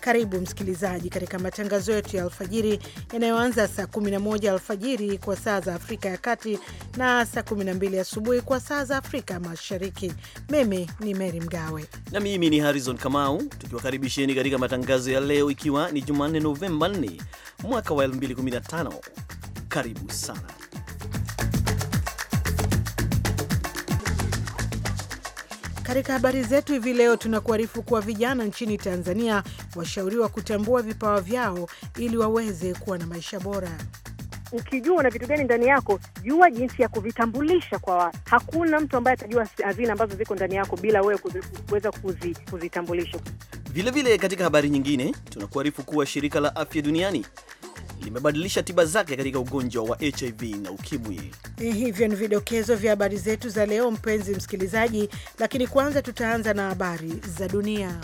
Karibu msikilizaji katika matangazo yetu ya alfajiri yanayoanza saa 11 alfajiri kwa saa za Afrika ya Kati na saa 12 asubuhi kwa saa za Afrika Mashariki. Mimi ni Meri Mgawe na mimi ni Harrison Kamau, tukiwakaribisheni katika matangazo ya leo, ikiwa ni Jumanne Novemba 4 mwaka wa 2015. Karibu sana Katika habari zetu hivi leo tunakuarifu kuwa vijana nchini Tanzania washauriwa kutambua vipawa vyao ili waweze kuwa na maisha bora. Ukijua una vitu gani ndani yako, jua jinsi ya kuvitambulisha kwa watu. Hakuna mtu ambaye atajua hazina ambazo ziko ndani yako bila wewe kuweza kuzi, kuzitambulisha. Vilevile, katika habari nyingine tunakuarifu kuwa shirika la afya duniani limebadilisha tiba zake katika ugonjwa wa HIV na ukimwi. Hivyo ni vidokezo vya habari zetu za leo, mpenzi msikilizaji, lakini kwanza tutaanza na habari za dunia.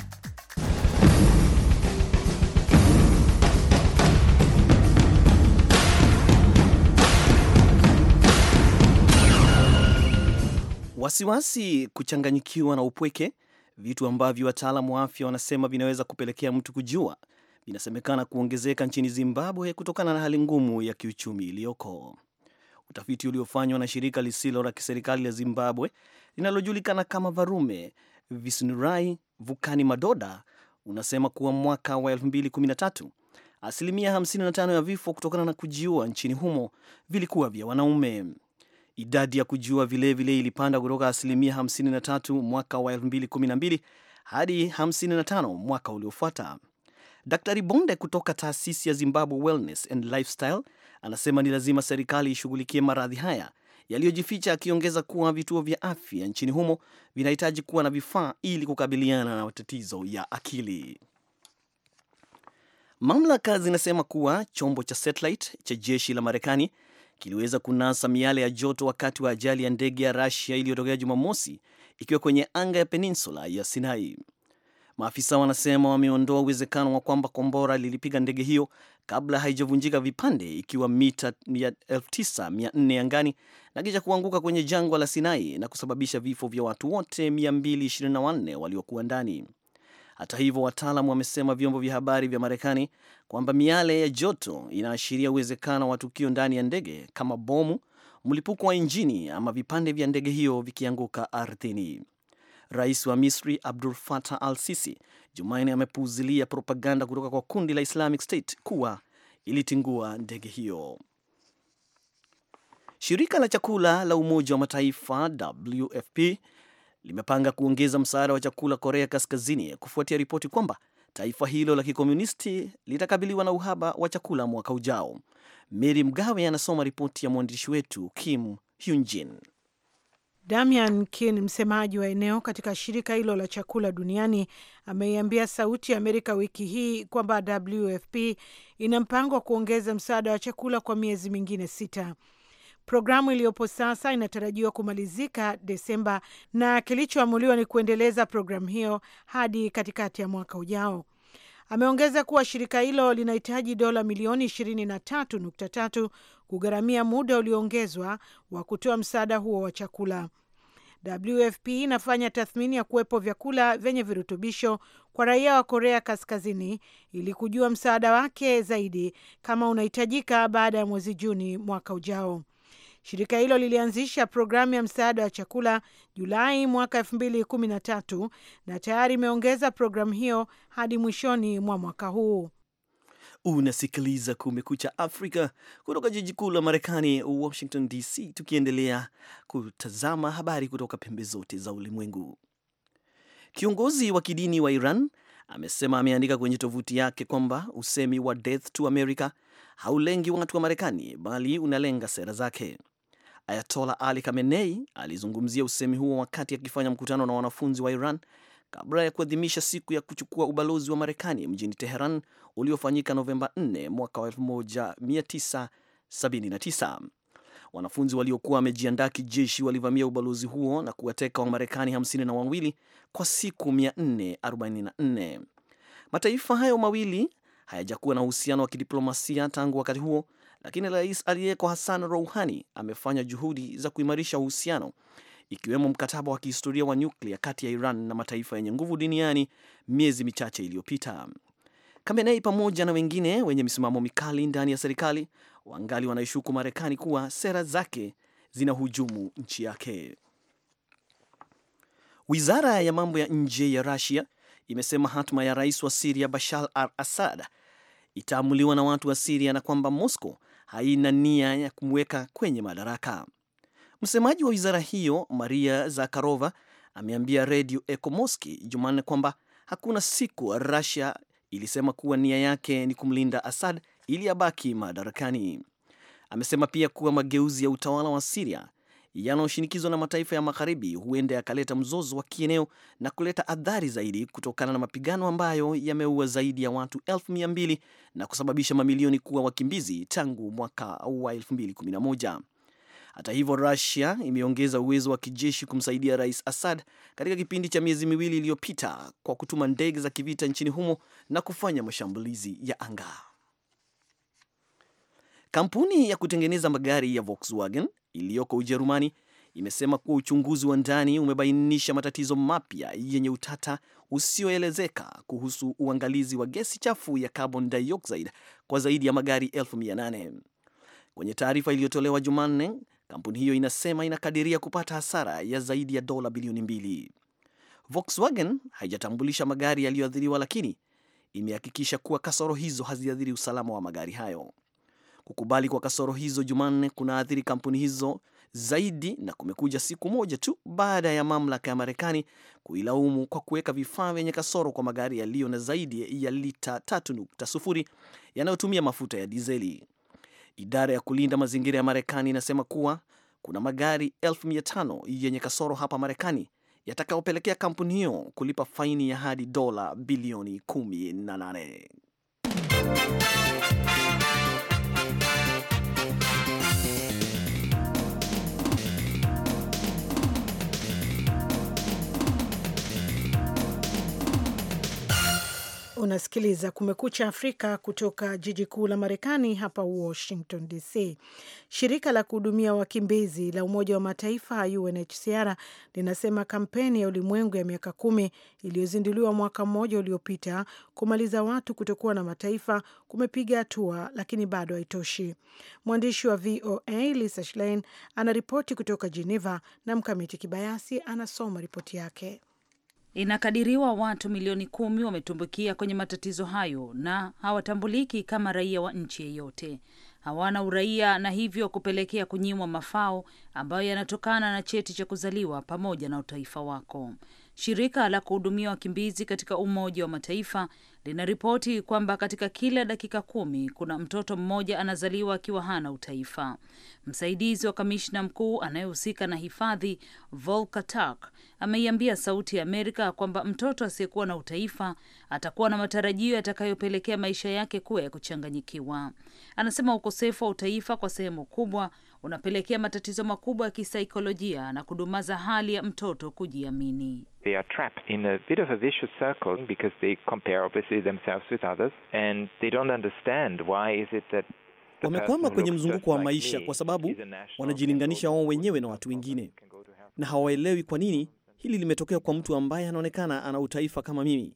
Wasiwasi, kuchanganyikiwa na upweke, vitu ambavyo wataalamu wa afya wanasema vinaweza kupelekea mtu kujua inasemekana kuongezeka nchini Zimbabwe kutokana na hali ngumu ya kiuchumi iliyoko. Utafiti uliofanywa na shirika lisilo la kiserikali la Zimbabwe linalojulikana kama Varume Visnurai Vukani Madoda unasema kuwa mwaka wa 2013 asilimia 55 ya vifo kutokana na kujiua nchini humo vilikuwa vya wanaume. Idadi ya kujiua vilevile ilipanda kutoka asilimia 53 mwaka wa 2012 hadi 55 mwaka uliofuata. Daktari Bonde kutoka taasisi ya Zimbabwe Wellness and Lifestyle anasema ni lazima serikali ishughulikie maradhi haya yaliyojificha, akiongeza kuwa vituo vya afya nchini humo vinahitaji kuwa na vifaa ili kukabiliana na matatizo ya akili. Mamlaka zinasema kuwa chombo cha satellite cha jeshi la Marekani kiliweza kunasa miale ya joto wakati wa ajali ya ndege ya rasia iliyotokea Jumamosi ikiwa kwenye anga ya peninsula ya Sinai. Maafisa wanasema wameondoa uwezekano wa kwamba kombora lilipiga ndege hiyo kabla haijavunjika vipande, ikiwa mita 9400 angani na kisha kuanguka kwenye jangwa la Sinai na kusababisha vifo vya watu wote 224 waliokuwa ndani. Hata hivyo, wataalam wamesema vyombo vya habari vya Marekani kwamba miale ya joto inaashiria uwezekano wa tukio ndani ya ndege kama bomu, mlipuko wa injini ama vipande vya ndege hiyo vikianguka ardhini. Rais wa Misri Abdul Fatah al Sisi Jumanne amepuuzilia propaganda kutoka kwa kundi la Islamic State kuwa ilitingua ndege hiyo. Shirika la chakula la Umoja wa Mataifa WFP limepanga kuongeza msaada wa chakula Korea Kaskazini kufuatia ripoti kwamba taifa hilo la kikomunisti litakabiliwa na uhaba wa chakula mwaka ujao. Meri Mgawe anasoma ripoti ya mwandishi wetu Kim Hyunjin. Damian Kin, msemaji wa eneo katika shirika hilo la chakula duniani, ameiambia Sauti ya Amerika wiki hii kwamba WFP ina mpango wa kuongeza msaada wa chakula kwa miezi mingine sita. Programu iliyopo sasa inatarajiwa kumalizika Desemba na kilichoamuliwa ni kuendeleza programu hiyo hadi katikati ya mwaka ujao. Ameongeza kuwa shirika hilo linahitaji dola milioni 23.3 kugharamia muda ulioongezwa wa kutoa msaada huo wa chakula. WFP inafanya tathmini ya kuwepo vyakula vyenye virutubisho kwa raia wa Korea Kaskazini ili kujua msaada wake zaidi kama unahitajika baada ya mwezi Juni mwaka ujao. Shirika hilo lilianzisha programu ya msaada wa chakula Julai mwaka 2013 na tayari imeongeza programu hiyo hadi mwishoni mwa mwaka huu. Unasikiliza Kumekucha Afrika kutoka jiji kuu la Marekani, Washington DC, tukiendelea kutazama habari kutoka pembe zote za ulimwengu. Kiongozi wa kidini wa Iran amesema ameandika kwenye tovuti yake kwamba usemi wa Death to America haulengi watu wa Marekani bali unalenga sera zake. Ayatola Ali Khamenei alizungumzia usemi huo wakati akifanya mkutano na wanafunzi wa Iran kabla ya kuadhimisha siku ya kuchukua ubalozi wa Marekani mjini Teheran uliofanyika Novemba 4 mwaka 1979. Wanafunzi waliokuwa wamejiandaa kijeshi walivamia ubalozi huo na kuwateka marekani hamsini na wawili kwa siku 444. Mataifa hayo mawili hayajakuwa na uhusiano wa kidiplomasia tangu wakati huo lakini rais aliyeko Hassan Rouhani amefanya juhudi za kuimarisha uhusiano ikiwemo mkataba wa kihistoria wa nyuklia kati ya Iran na mataifa yenye nguvu duniani miezi michache iliyopita. kamenei pamoja na wengine wenye misimamo mikali ndani ya serikali wangali wanaishuku Marekani kuwa sera zake zinahujumu nchi yake. Wizara ya mambo ya nje ya rasia imesema hatma ya rais wa Siria Bashar al Assad itaamuliwa na watu wa Siria na kwamba Moscow haina nia ya kumweka kwenye madaraka. Msemaji wa wizara hiyo Maria Zakharova ameambia redio ekomoski Jumanne kwamba hakuna siku Russia ilisema kuwa nia yake ni kumlinda Assad ili abaki madarakani. Amesema pia kuwa mageuzi ya utawala wa Siria yanayoshinikizwa na mataifa ya magharibi huenda yakaleta mzozo wa kieneo na kuleta athari zaidi kutokana na mapigano ambayo yameua zaidi ya watu elfu mia mbili na kusababisha mamilioni kuwa wakimbizi tangu mwaka wa 2011. Hata hivyo, Russia imeongeza uwezo wa kijeshi kumsaidia Rais Assad katika kipindi cha miezi miwili iliyopita kwa kutuma ndege za kivita nchini humo na kufanya mashambulizi ya anga. Kampuni ya kutengeneza magari ya Volkswagen iliyoko Ujerumani imesema kuwa uchunguzi wa ndani umebainisha matatizo mapya yenye utata usioelezeka kuhusu uangalizi wa gesi chafu ya carbon dioxide kwa zaidi ya magari 8 Kwenye taarifa iliyotolewa Jumanne, kampuni hiyo inasema inakadiria kupata hasara ya zaidi ya dola bilioni mbili. Volkswagen haijatambulisha magari yaliyoathiriwa, lakini imehakikisha kuwa kasoro hizo haziathiri usalama wa magari hayo. Kukubali kwa kasoro hizo Jumanne kunaathiri kampuni hizo zaidi na kumekuja siku moja tu baada ya mamlaka ya Marekani kuilaumu kwa kuweka vifaa vyenye kasoro kwa magari yaliyo na zaidi ya lita 3.0 yanayotumia mafuta ya dizeli. Idara ya kulinda mazingira ya Marekani inasema kuwa kuna magari 5 yenye kasoro hapa Marekani yatakayopelekea kampuni hiyo kulipa faini ya hadi dola bilioni 18. Unasikiliza Kumekucha Afrika kutoka jiji kuu la Marekani, hapa Washington DC. Shirika la kuhudumia wakimbizi la Umoja wa Mataifa, UNHCR, linasema kampeni ya ulimwengu ya miaka kumi iliyozinduliwa mwaka mmoja uliopita kumaliza watu kutokuwa na mataifa kumepiga hatua, lakini bado haitoshi. Mwandishi wa VOA Lisa Schlein anaripoti kutoka Geneva na Mkamiti Kibayasi anasoma ripoti yake. Inakadiriwa watu milioni kumi wametumbukia kwenye matatizo hayo na hawatambuliki kama raia wa nchi yeyote. Hawana uraia na hivyo kupelekea kunyimwa mafao ambayo yanatokana na cheti cha kuzaliwa pamoja na utaifa wako. Shirika la kuhudumia wakimbizi katika Umoja wa Mataifa linaripoti kwamba katika kila dakika kumi kuna mtoto mmoja anazaliwa akiwa hana utaifa. Msaidizi wa kamishna mkuu anayehusika na hifadhi Volker Turk ameiambia Sauti ya Amerika kwamba mtoto asiyekuwa na utaifa atakuwa na matarajio yatakayopelekea maisha yake kuwa ya kuchanganyikiwa. Anasema ukosefu wa utaifa kwa sehemu kubwa unapelekea matatizo makubwa ya kisaikolojia na kudumaza hali ya mtoto kujiamini. Wamekwama kwenye mzunguko wa maisha kwa sababu wanajilinganisha wao wenyewe na watu wengine, na hawaelewi kwa nini hili limetokea kwa mtu ambaye anaonekana ana utaifa kama mimi.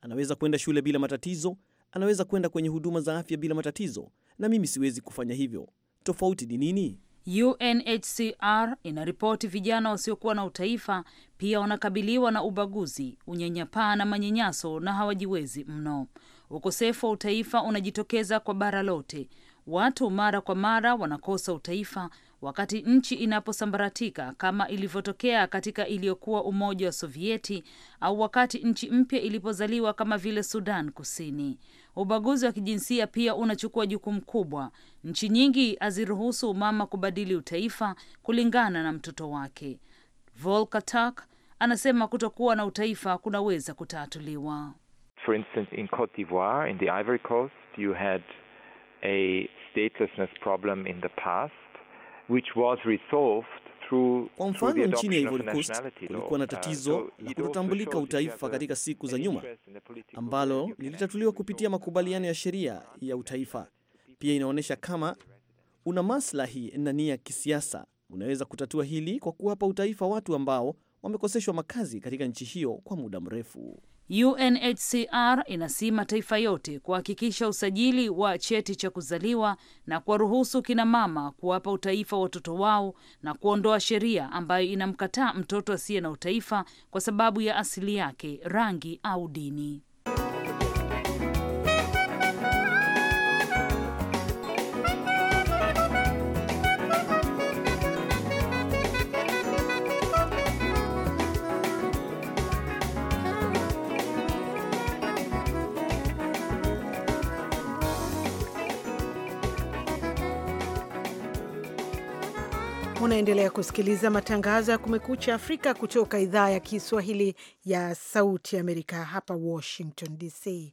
Anaweza kwenda shule bila matatizo, anaweza kwenda kwenye huduma za afya bila matatizo, na mimi siwezi kufanya hivyo. Tofauti ni nini? UNHCR inaripoti vijana wasiokuwa na utaifa pia wanakabiliwa na ubaguzi, unyanyapaa na manyanyaso na hawajiwezi mno. Ukosefu wa utaifa unajitokeza kwa bara lote. Watu mara kwa mara wanakosa utaifa wakati nchi inaposambaratika kama ilivyotokea katika iliyokuwa Umoja wa Sovieti au wakati nchi mpya ilipozaliwa kama vile Sudan Kusini. Ubaguzi wa kijinsia pia unachukua jukumu kubwa. Nchi nyingi haziruhusu mama kubadili utaifa kulingana na mtoto wake. Volker Turk anasema kutokuwa na utaifa kunaweza kutatuliwa. For instance, in Cote d'Ivoire, in the Ivory Coast, you had a statelessness problem in the past which was resolved kwa mfano nchini Ivory Coast kulikuwa na uh, tatizo la kutotambulika utaifa katika siku za nyuma ambalo lilitatuliwa kupitia makubaliano ya sheria ya utaifa. Pia inaonyesha kama una maslahi na nia ya kisiasa, unaweza kutatua hili kwa kuwapa utaifa watu ambao wamekoseshwa makazi katika nchi hiyo kwa muda mrefu. UNHCR inasii mataifa yote kuhakikisha usajili wa cheti cha kuzaliwa na kuwaruhusu kina mama kuwapa utaifa watoto wao na kuondoa sheria ambayo inamkataa mtoto asiye na utaifa kwa sababu ya asili yake, rangi au dini. Unaendelea kusikiliza matangazo ya Kumekucha Afrika kutoka idhaa ya Kiswahili ya Sauti Amerika, hapa Washington DC.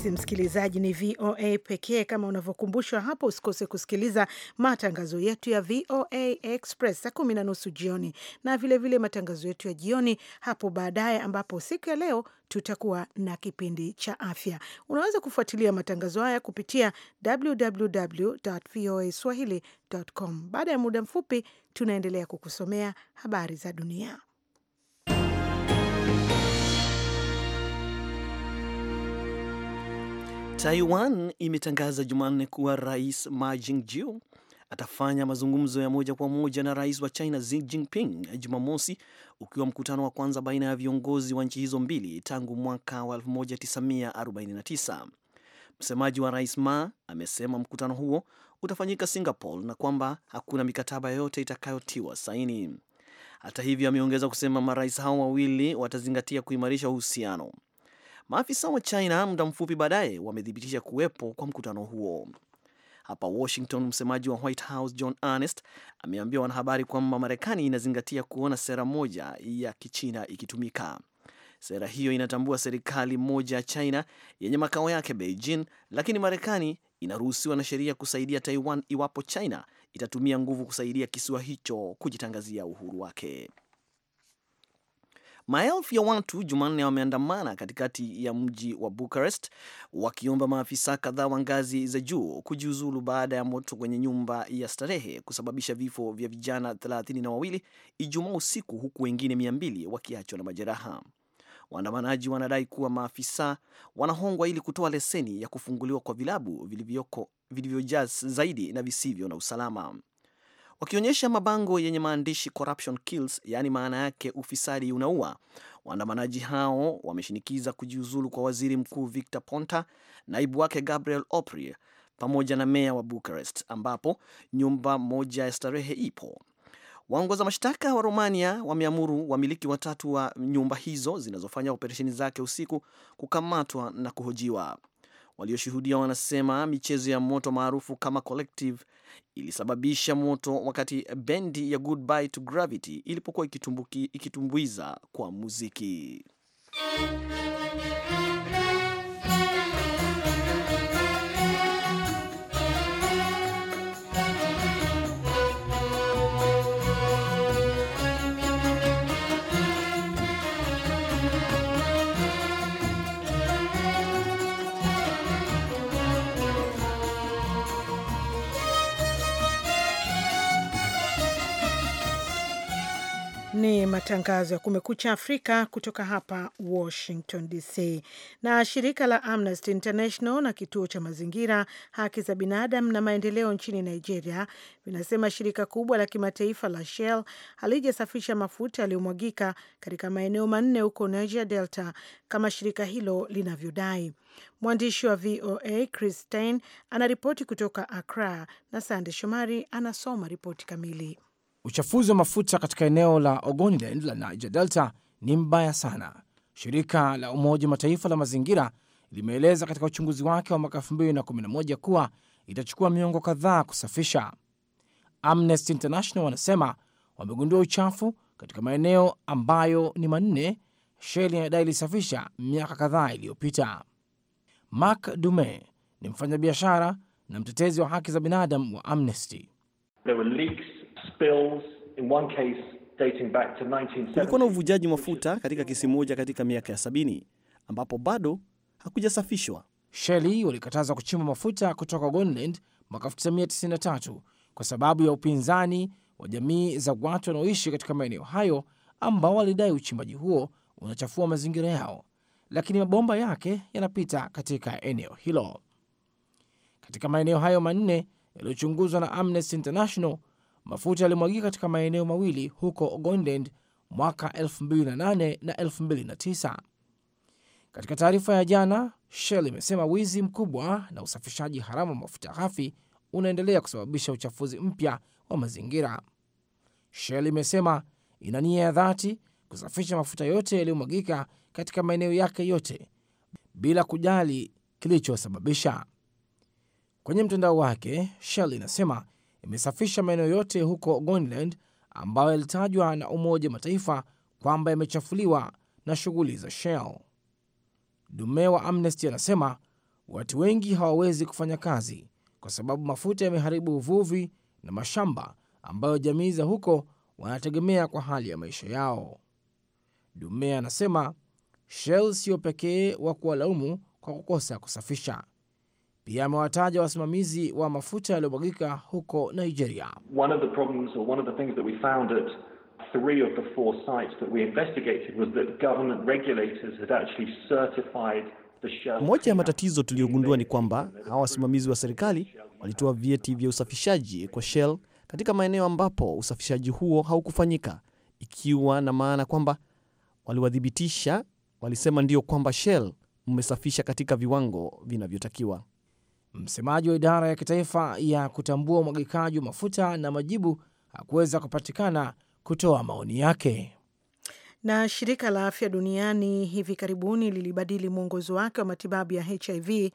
basi msikilizaji, ni VOA pekee. Kama unavyokumbushwa hapo, usikose kusikiliza matangazo yetu ya VOA Express saa kumi na nusu jioni na vilevile vile matangazo yetu ya jioni hapo baadaye, ambapo siku ya leo tutakuwa na kipindi cha afya. Unaweza kufuatilia matangazo haya kupitia www www.voaswahili.com. Baada ya muda mfupi, tunaendelea kukusomea habari za dunia. Taiwan imetangaza Jumanne kuwa Rais Ma Ying-jeou atafanya mazungumzo ya moja kwa moja na rais wa China Xi Jinping Jumamosi, ukiwa mkutano wa kwanza baina ya viongozi wa nchi hizo mbili tangu mwaka wa 1949. Msemaji wa rais Ma amesema mkutano huo utafanyika Singapore na kwamba hakuna mikataba yoyote itakayotiwa saini. Hata hivyo, ameongeza kusema marais hao wawili watazingatia kuimarisha uhusiano. Maafisa wa China muda mfupi baadaye wamethibitisha kuwepo kwa mkutano huo. Hapa Washington, msemaji wa White House John Ernest ameambia wanahabari kwamba Marekani inazingatia kuona sera moja ya kichina ikitumika. Sera hiyo inatambua serikali moja ya China yenye makao yake Beijing, lakini Marekani inaruhusiwa na sheria kusaidia Taiwan iwapo China itatumia nguvu kusaidia kisiwa hicho kujitangazia uhuru wake. Maelfu ya watu Jumanne wameandamana katikati ya mji wa Bucharest wakiomba maafisa kadhaa wa ngazi za juu kujiuzulu baada ya moto kwenye nyumba ya starehe kusababisha vifo vya vijana thelathini na wawili Ijumaa usiku huku wengine mia mbili wakiachwa na majeraha. Waandamanaji wanadai kuwa maafisa wanahongwa ili kutoa leseni ya kufunguliwa kwa vilabu vilivyojaa zaidi na visivyo na usalama wakionyesha mabango yenye maandishi corruption kills, yaani maana yake ufisadi unaua. Waandamanaji hao wameshinikiza kujiuzulu kwa waziri mkuu Victor Ponta, naibu wake Gabriel Opri pamoja na meya wa Bucharest ambapo nyumba moja ya starehe ipo. Waongoza mashtaka wa Romania wameamuru wamiliki watatu wa nyumba hizo zinazofanya operesheni zake usiku kukamatwa na kuhojiwa. Walioshuhudia wanasema michezo ya moto maarufu kama Collective ilisababisha moto wakati bendi ya Goodbye to Gravity ilipokuwa ikitumbuiza kwa muziki. Ni matangazo ya Kumekucha Afrika kutoka hapa Washington DC. Na shirika la Amnesty International na kituo cha mazingira, haki za binadamu na maendeleo nchini Nigeria vinasema shirika kubwa la kimataifa la Shell halijasafisha mafuta yaliyomwagika katika maeneo manne huko Niger Delta kama shirika hilo linavyodai. Mwandishi wa VOA Chris Stein anaripoti kutoka Accra na Sande Shomari anasoma ripoti kamili. Uchafuzi wa mafuta katika eneo la Ogoniland la Niger Delta ni mbaya sana, shirika la Umoja wa Mataifa la mazingira limeeleza katika uchunguzi wake wa mwaka 2011 kuwa itachukua miongo kadhaa kusafisha. Amnesty International wanasema wamegundua uchafu katika maeneo ambayo ni manne Shell inadai ilisafisha miaka kadhaa iliyopita. Mark Dume ni mfanyabiashara na mtetezi wa haki za binadamu wa Amnesty. There were leaks. Kulikuwa na uvujaji mafuta katika kesi moja katika miaka ya sabini ambapo bado hakujasafishwa. Shell walikataza kuchimba mafuta kutoka Gonland mwaka 1993 kwa sababu ya upinzani wa jamii za watu wanaoishi katika maeneo hayo ambao walidai uchimbaji huo unachafua mazingira yao, lakini mabomba yake yanapita katika eneo hilo. Katika maeneo hayo manne yaliyochunguzwa na Amnesty International, Mafuta yalimwagika katika maeneo mawili huko Ogondend mwaka 2008 na 2009. Katika taarifa ya jana, Shell imesema wizi mkubwa na usafishaji haramu wa mafuta ghafi unaendelea kusababisha uchafuzi mpya wa mazingira. Shell imesema ina nia ya dhati kusafisha mafuta yote yaliyomwagika katika maeneo yake yote bila kujali kilichosababisha. Kwenye mtandao wake, Shell inasema imesafisha maeneo yote huko gonland ambayo yalitajwa na Umoja wa Mataifa kwamba yamechafuliwa na shughuli za Shell. Dume wa Amnesty anasema watu wengi hawawezi kufanya kazi kwa sababu mafuta yameharibu uvuvi na mashamba ambayo jamii za huko wanategemea kwa hali ya maisha yao. Dume anasema Shell sio pekee wa kuwalaumu kwa kukosa kusafisha, pia amewataja wasimamizi wa mafuta yaliyomwagika huko Nigeria. One of the problems or one of the things that we found at three of the four sites that we investigated was that government regulators had actually certified moja ya matatizo tuliyogundua ni kwamba hawa wasimamizi wa serikali walitoa vyeti vya usafishaji kwa Shell katika maeneo ambapo usafishaji huo haukufanyika, ikiwa na maana kwamba waliwathibitisha, walisema ndio kwamba Shell mmesafisha katika viwango vinavyotakiwa. Msemaji wa idara ya kitaifa ya kutambua umwagikaji wa mafuta na majibu hakuweza kupatikana kutoa maoni yake. Na shirika la afya duniani hivi karibuni lilibadili mwongozo wake wa matibabu ya HIV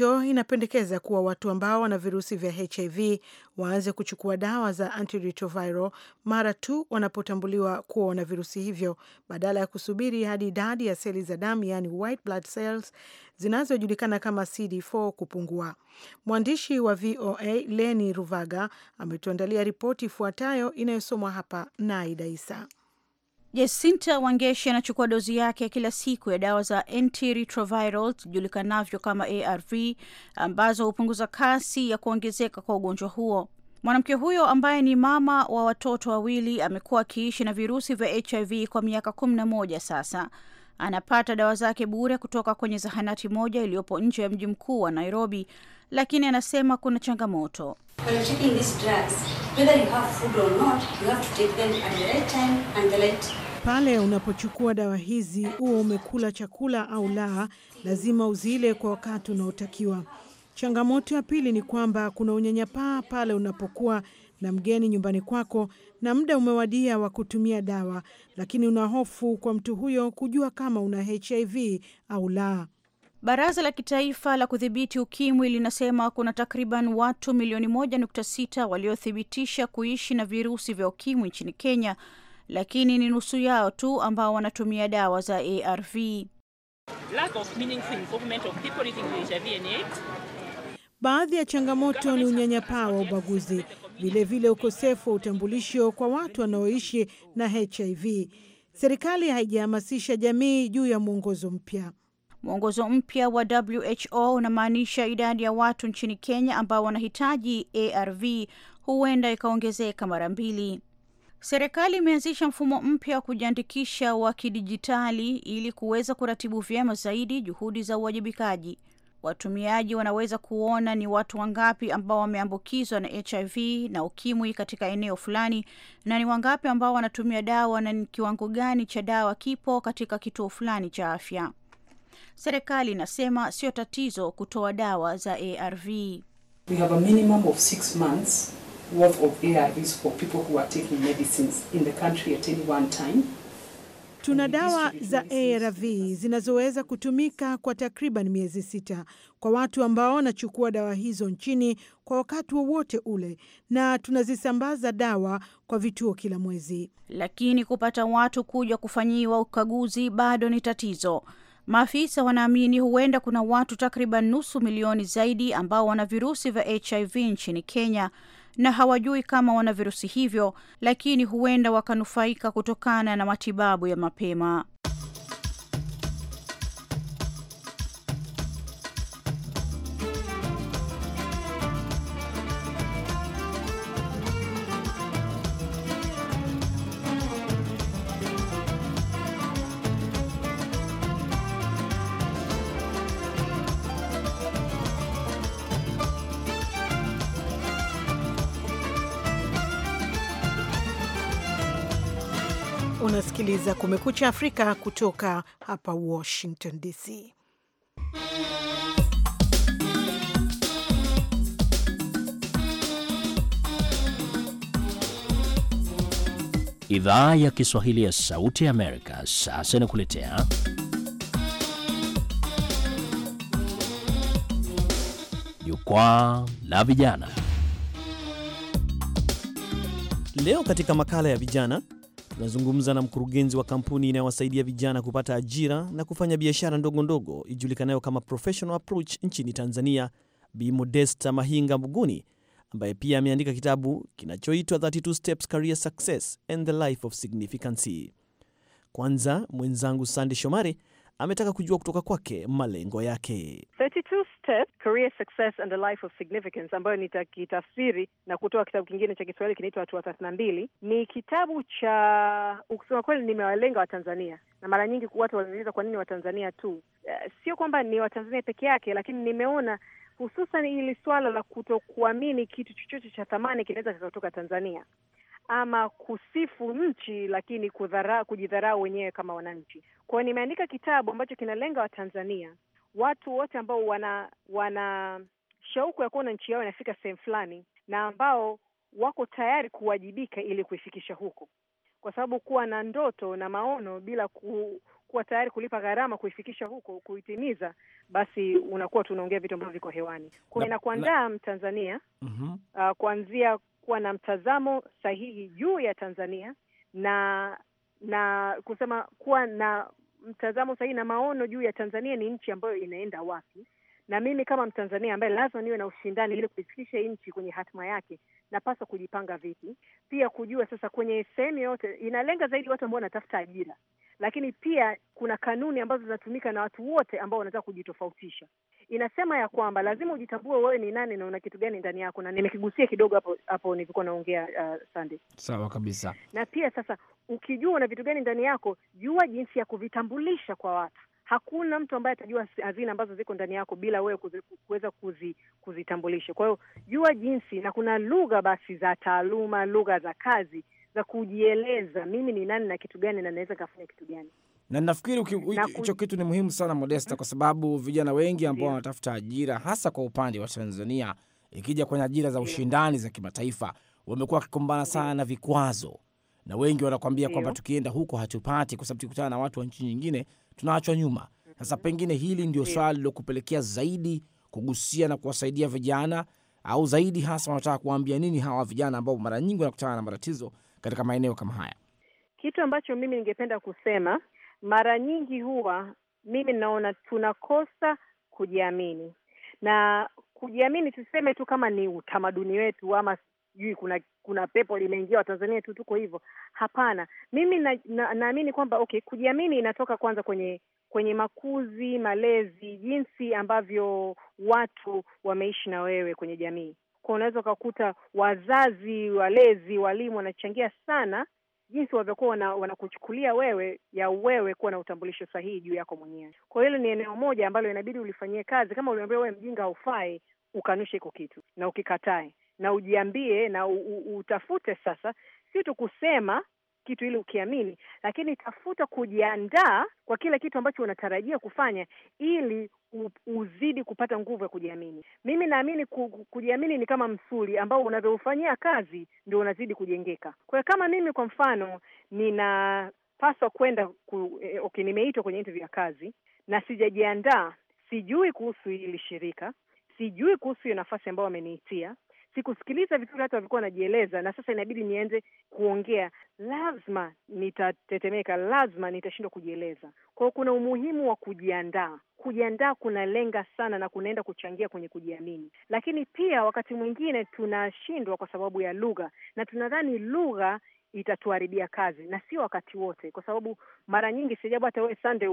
WHO inapendekeza kuwa watu ambao wana virusi vya HIV waanze kuchukua dawa za antiretroviral mara tu wanapotambuliwa kuwa wana virusi hivyo badala ya kusubiri hadi idadi ya seli za damu yaani white blood cells zinazojulikana kama CD4 kupungua. Mwandishi wa VOA Leni Ruvaga ametuandalia ripoti ifuatayo inayosomwa hapa na Aida Isa. Jacinta Wangeshi anachukua dozi yake ya kila siku ya dawa za antiretroviral zijulikanavyo kama ARV ambazo hupunguza kasi ya kuongezeka kwa ugonjwa huo. Mwanamke huyo ambaye ni mama wa watoto wawili amekuwa akiishi na virusi vya HIV kwa miaka kumi na moja sasa. Anapata dawa zake bure kutoka kwenye zahanati moja iliyopo nje ya mji mkuu wa Nairobi, lakini anasema kuna changamoto. right pale unapochukua dawa hizi, huo umekula chakula au la, lazima uzile kwa wakati unaotakiwa. Changamoto ya pili ni kwamba kuna unyanyapaa pale unapokuwa na mgeni nyumbani kwako na muda umewadia wa kutumia dawa, lakini una hofu kwa mtu huyo kujua kama una HIV au la. Baraza la Kitaifa la Kudhibiti Ukimwi linasema kuna takriban watu milioni 1.6 waliothibitisha kuishi na virusi vya ukimwi nchini Kenya lakini ni nusu yao tu ambao wanatumia dawa za ARV. Baadhi ya changamoto ni unyanyapaa wa ubaguzi, vilevile ukosefu wa utambulisho kwa watu wanaoishi na HIV. Serikali haijahamasisha jamii juu ya mwongozo mpya. Mwongozo mpya wa WHO unamaanisha idadi ya watu nchini Kenya ambao wanahitaji ARV huenda ikaongezeka mara mbili. Serikali imeanzisha mfumo mpya wa kujiandikisha wa kidijitali ili kuweza kuratibu vyema zaidi juhudi za uwajibikaji. Watumiaji wanaweza kuona ni watu wangapi ambao wameambukizwa na HIV na ukimwi katika eneo fulani na ni wangapi ambao wanatumia dawa na ni kiwango gani cha dawa kipo katika kituo fulani cha afya. Serikali inasema sio tatizo kutoa dawa za ARV. We have a minimum of six months worth of ARVs for people who are taking medicines in the country at any one time. Tuna dawa za ARV zinazoweza kutumika kwa takriban miezi sita kwa watu ambao wanachukua dawa hizo nchini kwa wakati wowote ule, na tunazisambaza dawa kwa vituo kila mwezi. Lakini kupata watu kuja kufanyiwa ukaguzi bado ni tatizo. Maafisa wanaamini huenda kuna watu takriban nusu milioni zaidi ambao wana virusi vya HIV nchini Kenya na hawajui kama wana virusi hivyo, lakini huenda wakanufaika kutokana na matibabu ya mapema. unasikiliza Kumekucha Afrika kutoka hapa Washington DC. Idhaa ya Kiswahili ya Sauti ya Amerika sasa inakuletea Jukwaa la Vijana. Leo katika makala ya vijana Tunazungumza na mkurugenzi wa kampuni inayowasaidia vijana kupata ajira na kufanya biashara ndogo ndogo ijulikanayo kama Professional Approach nchini Tanzania, Bi Modesta Mahinga Mbuguni, ambaye pia ameandika kitabu kinachoitwa 32 Steps Career Success and the Life of Significancy. Kwanza mwenzangu Sande Shomari ametaka kujua kutoka kwake malengo yake 32 steps, career success and a life of significance, ambayo nitakitafsiri na kutoa kitabu kingine cha Kiswahili kinaitwa hatua thelathini na mbili. Ni kitabu cha ukisema kweli, nimewalenga Watanzania na mara nyingi watu wananiuliza kwa nini Watanzania tu. Uh, sio kwamba ni Watanzania peke yake, lakini nimeona hususan hili swala la kutokuamini kitu chochote cha thamani kinaweza kikatoka Tanzania ama kusifu nchi, lakini kujidharau wenyewe kama wananchi. Kwao nimeandika kitabu ambacho kinalenga Watanzania, watu wote ambao wana wana shauku ya kuona nchi yao inafika sehemu fulani na ambao wako tayari kuwajibika ili kuifikisha huko, kwa sababu kuwa na ndoto na maono bila ku, kuwa tayari kulipa gharama kuifikisha huko, kuitimiza, basi unakuwa tunaongea vitu ambavyo viko hewani. Kwa hiyo inakuandaa Mtanzania mhm. uh, kuanzia kuwa na mtazamo sahihi juu ya Tanzania na na kusema kuwa na mtazamo sahihi na maono juu ya Tanzania ni nchi ambayo inaenda wapi, na mimi kama Mtanzania ambaye lazima niwe na ushindani ili kuifikisha nchi kwenye hatima yake, napaswa kujipanga vipi, pia kujua sasa kwenye sehemu yoyote inalenga zaidi watu ambao wanatafuta ajira lakini pia kuna kanuni ambazo zinatumika na watu wote ambao wanataka kujitofautisha. Inasema ya kwamba lazima ujitambue wewe ni nani na una kitu gani ndani yako, na nimekigusia kidogo hapo hapo nilikuwa naongea uh, Sunday. Sawa kabisa. Na pia sasa, ukijua una vitu gani ndani yako, jua jinsi ya kuvitambulisha kwa watu. Hakuna mtu ambaye atajua hazina ambazo ziko ndani yako bila wewe kuweza kuzi, kuzitambulisha. Kwa hiyo jua jinsi, na kuna lugha basi za taaluma, lugha za kazi za kujieleza mimi ni nani na kitu gani na naweza kafanya kitu gani na nafikiri hicho kitu ni muhimu sana Modesta, kwa sababu vijana wengi ambao wanatafuta ajira hasa kwa upande wa Tanzania, ikija kwenye ajira za ushindani za kimataifa, wamekuwa wakikumbana sana na vikwazo, na wengi wanakwambia kwamba tukienda huko hatupati, kwa sababu tukikutana na watu wa nchi nyingine tunaachwa nyuma. Sasa mm-hmm. pengine hili ndio swala lilokupelekea zaidi kugusia na kuwasaidia vijana, au zaidi hasa wanataka kuwaambia nini hawa vijana ambao mara nyingi wanakutana na matatizo katika maeneo kama haya? Kitu ambacho mimi ningependa kusema, mara nyingi huwa mimi naona tunakosa kujiamini na kujiamini, tuseme tu kama ni utamaduni wetu ama sijui kuna kuna pepo limeingia Watanzania tu tuko hivyo. Hapana, mimi naamini na, naamini kwamba okay, kujiamini inatoka kwanza kwenye kwenye makuzi, malezi, jinsi ambavyo watu wameishi na wewe kwenye jamii kwa unaweza ukakuta wazazi, walezi, walimu wanachangia sana jinsi wanavyokuwa wana, wanakuchukulia wewe ya wewe kuwa na utambulisho sahihi juu yako mwenyewe. Kwa hilo ni eneo moja ambalo inabidi ulifanyie kazi. Kama uliambia wewe mjinga haufai, ukanushe hiko kitu na ukikatae na ujiambie na u, u, utafute sasa, sio tu kusema kitu ili ukiamini, lakini tafuta kujiandaa kwa kile kitu ambacho unatarajia kufanya ili uzidi kupata nguvu ya kujiamini. Mimi naamini kujiamini ni kama msuli ambao unavyoufanyia kazi ndio unazidi kujengeka. Kwa hiyo kama mimi kwa mfano ninapaswa kwenda ku, eh, okay, nimeitwa kwenye interview ya kazi na sijajiandaa, sijui kuhusu hili shirika, sijui kuhusu hiyo nafasi ambayo wameniitia sikusikiliza vizuri, hata walikuwa wanajieleza, na sasa inabidi nianze kuongea, lazima nitatetemeka, lazima nitashindwa kujieleza. Kwa hiyo kuna umuhimu wa kujiandaa. Kujiandaa kunalenga sana na kunaenda kuchangia kwenye kujiamini, lakini pia wakati mwingine tunashindwa kwa sababu ya lugha na tunadhani lugha itatuharibia kazi, na sio wakati wote, kwa sababu mara nyingi sijabu, hata wewe sande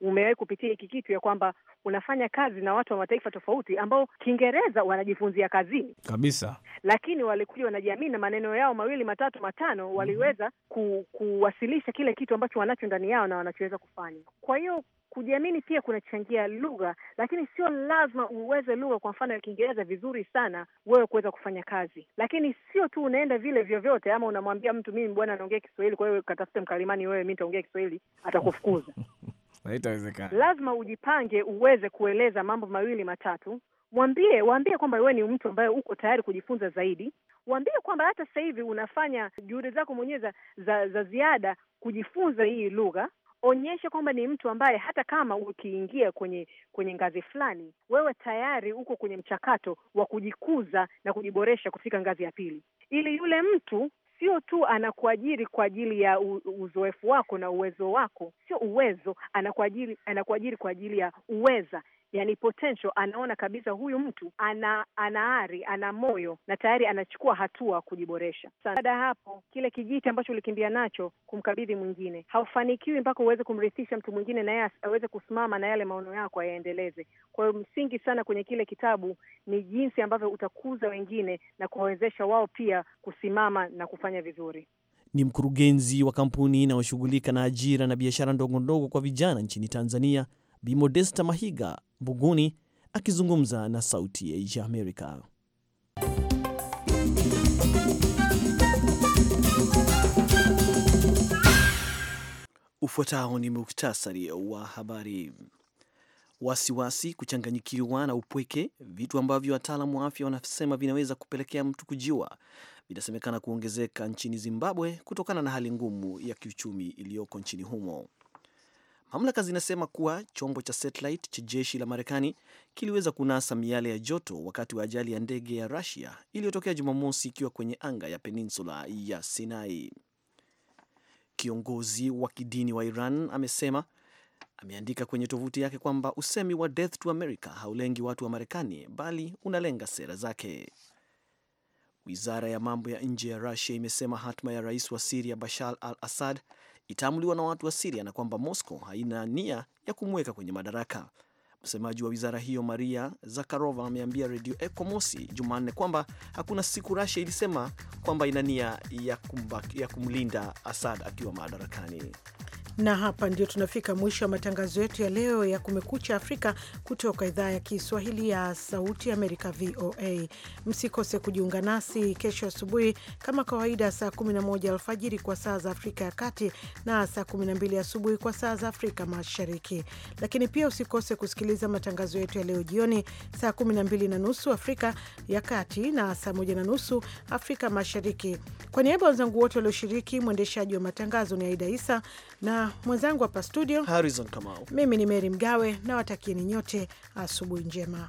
umewahi kupitia hiki kitu ya kwamba unafanya kazi na watu wa mataifa tofauti ambao Kiingereza wanajifunzia kazini kabisa, lakini walikuja wanajiamini na maneno yao mawili matatu matano waliweza mhm. ku, kuwasilisha kile kitu ambacho wanacho ndani yao na wanachoweza kufanya. Kwa hiyo Kujiamini pia kunachangia lugha, lakini sio lazima uweze lugha kwa mfano ya Kiingereza vizuri sana wewe kuweza kufanya kazi. Lakini sio tu unaenda vile vyovyote, ama unamwambia mtu mimi bwana naongea Kiswahili, kwa hiyo katafute mkalimani wewe, mi nitaongea Kiswahili, atakufukuza. Haitawezekana. Lazima ujipange uweze kueleza mambo mawili matatu. Mwambie, waambie kwamba wewe ni mtu ambaye uko tayari kujifunza zaidi. Waambie kwamba hata sasa hivi unafanya juhudi zako mwenyewe za, za ziada kujifunza hii lugha onyesha kwamba ni mtu ambaye hata kama ukiingia kwenye kwenye ngazi fulani, wewe tayari uko kwenye mchakato wa kujikuza na kujiboresha kufika ngazi ya pili, ili yule mtu sio tu anakuajiri kwa ajili ya uzoefu wako na uwezo wako, sio uwezo, anakuajiri anakuajiri kwa ajili ya uweza yani potential, anaona kabisa huyu mtu ana ana ari, ana moyo na tayari anachukua hatua kujiboresha. Baada ya hapo, kile kijiti ambacho ulikimbia nacho kumkabidhi mwingine, haufanikiwi mpaka uweze kumrithisha mtu mwingine na yeye aweze kusimama na yale maono yako ayaendeleze. Kwa hiyo msingi sana kwenye kile kitabu ni jinsi ambavyo utakuza wengine na kuwawezesha wao pia kusimama na kufanya vizuri. Ni mkurugenzi wa kampuni inayoshughulika na ajira na biashara ndogo ndogo kwa vijana nchini Tanzania, Bi Modesta Mahiga Buguni akizungumza na Sauti ya Amerika. Ufuatao ni muktasari wa habari. Wasiwasi, kuchanganyikiwa na upweke, vitu ambavyo wataalamu wa afya wanasema vinaweza kupelekea mtu kujiua, vinasemekana kuongezeka nchini Zimbabwe kutokana na hali ngumu ya kiuchumi iliyoko nchini humo. Mamlaka zinasema kuwa chombo cha satellite cha jeshi la Marekani kiliweza kunasa miale ya joto wakati wa ajali ya ndege ya Russia iliyotokea Jumamosi ikiwa kwenye anga ya peninsula ya Sinai. Kiongozi wa kidini wa Iran amesema ameandika kwenye tovuti yake kwamba usemi wa Death to America haulengi watu wa Marekani bali unalenga sera zake. Wizara ya mambo ya nje ya Russia imesema hatma ya rais wa Siria Bashar al Assad itaamuliwa na watu wa Siria na kwamba Moscow haina nia ya kumweka kwenye madaraka. Msemaji wa wizara hiyo Maria Zakharova ameambia redio Eko Mosi Jumanne kwamba hakuna siku Rasia ilisema kwamba ina nia ya kumlinda Asad akiwa madarakani. Na hapa ndio tunafika mwisho wa matangazo yetu ya leo ya Kumekucha Afrika kutoka idhaa ya Kiswahili ya Sauti Amerika, VOA. Msikose kujiunga nasi kesho asubuhi kama kawaida, saa 11 alfajiri kwa saa za Afrika ya Kati na saa 12 asubuhi kwa saa za Afrika Mashariki. Lakini pia usikose kusikiliza matangazo yetu ya leo jioni, saa 12 na nusu Afrika ya Kati na saa 1 na nusu Afrika Mashariki. Kwa niaba ya wenzangu wote walioshiriki, mwendeshaji wa matangazo ni Aida Isa na mwenzangu hapa studio Harrison Kamau. Mimi ni Meri Mgawe na watakieni nyote asubuhi njema.